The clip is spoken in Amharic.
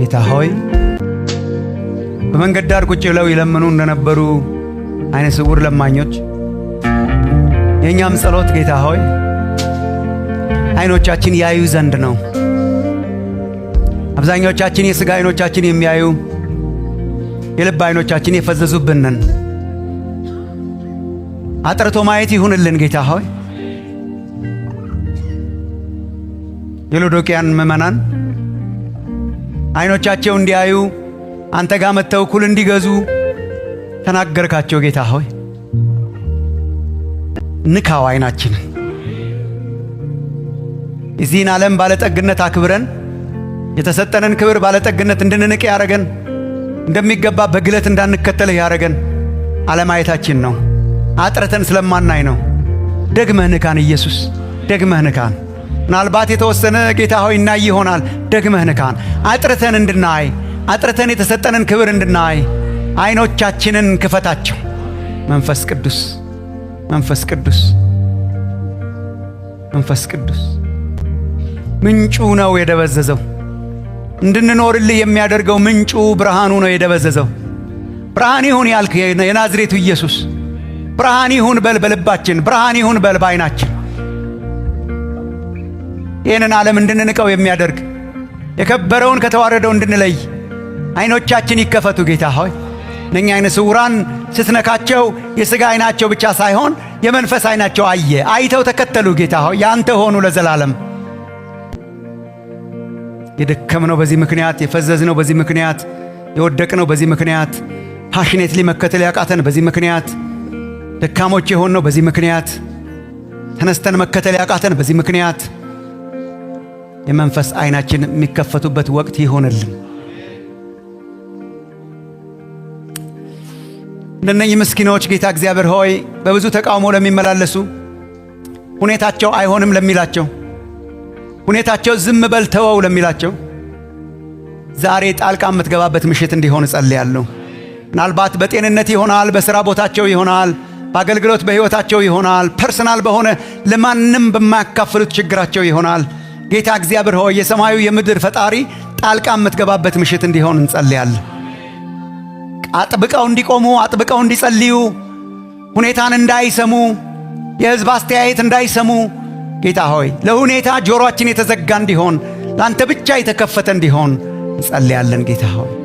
ጌታ ሆይ በመንገድ ዳር ቁጭ ብለው ይለምኑ እንደነበሩ አይነ ስውር ለማኞች የእኛም ጸሎት ጌታ ሆይ አይኖቻችን ያዩ ዘንድ ነው። አብዛኞቻችን የሥጋ አይኖቻችን የሚያዩ የልብ አይኖቻችን የፈዘዙብንን አጥርቶ ማየት ይሁንልን ጌታ ሆይ የሎዶቅያን ምእመናን አይኖቻቸው እንዲያዩ አንተ ጋር መጥተው እኩል እንዲገዙ ተናገርካቸው። ጌታ ሆይ ንካው አይናችንን እዚህን ዓለም ባለጠግነት አክብረን የተሰጠንን ክብር ባለጠግነት እንድንንቅ ያረገን እንደሚገባ በግለት እንዳንከተልህ ያረገን አለማየታችን ነው። አጥረተን ስለማናይ ነው። ደግመህ ንካን ኢየሱስ ደግመህ ንካን። ምናልባት የተወሰነ ጌታ ሆይ እናይ ይሆናል። ደግመህ ንካን፣ አጥርተን እንድናይ፣ አጥርተን የተሰጠንን ክብር እንድናይ አይኖቻችንን ክፈታቸው። መንፈስ ቅዱስ፣ መንፈስ ቅዱስ፣ መንፈስ ቅዱስ ምንጩ ነው የደበዘዘው። እንድንኖርልህ የሚያደርገው ምንጩ ብርሃኑ ነው የደበዘዘው። ብርሃን ይሁን ያልክ የናዝሬቱ ኢየሱስ ብርሃን ይሁን በል በልባችን፣ ብርሃን ይሁን በል በዓይናችን ይህንን ዓለም እንድንንቀው የሚያደርግ የከበረውን ከተዋረደው እንድንለይ አይኖቻችን ይከፈቱ ጌታ ሆይ። እነኛ አይነ ስውራን ስትነካቸው የሥጋ አይናቸው ብቻ ሳይሆን የመንፈስ አይናቸው አየ። አይተው ተከተሉ ጌታ ሆይ፣ ያንተ ሆኑ ለዘላለም። የደከምነው በዚህ ምክንያት፣ የፈዘዝነው በዚህ ምክንያት፣ የወደቅነው በዚህ ምክንያት፣ ፓሽኔት መከተል ያቃተን በዚህ ምክንያት፣ ደካሞች የሆንነው በዚህ ምክንያት፣ ተነስተን መከተል ያቃተን በዚህ ምክንያት የመንፈስ አይናችን የሚከፈቱበት ወቅት ይሆንልን። እንደነኚህ ምስኪኖች ጌታ እግዚአብሔር ሆይ በብዙ ተቃውሞ ለሚመላለሱ ሁኔታቸው አይሆንም ለሚላቸው ሁኔታቸው ዝም በል ተወው ለሚላቸው ዛሬ ጣልቃ የምትገባበት ምሽት እንዲሆን እጸልያለሁ። ምናልባት በጤንነት ይሆናል፣ በሥራ ቦታቸው ይሆናል፣ በአገልግሎት በሕይወታቸው ይሆናል፣ ፐርሰናል በሆነ ለማንም በማያካፍሉት ችግራቸው ይሆናል። ጌታ እግዚአብሔር ሆይ የሰማዩ የምድር ፈጣሪ ጣልቃ የምትገባበት ምሽት እንዲሆን እንጸልያለን። አጥብቀው እንዲቆሙ፣ አጥብቀው እንዲጸልዩ፣ ሁኔታን እንዳይሰሙ፣ የሕዝብ አስተያየት እንዳይሰሙ ጌታ ሆይ ለሁኔታ ጆሮአችን የተዘጋ እንዲሆን፣ ላንተ ብቻ የተከፈተ እንዲሆን እንጸልያለን ጌታ ሆይ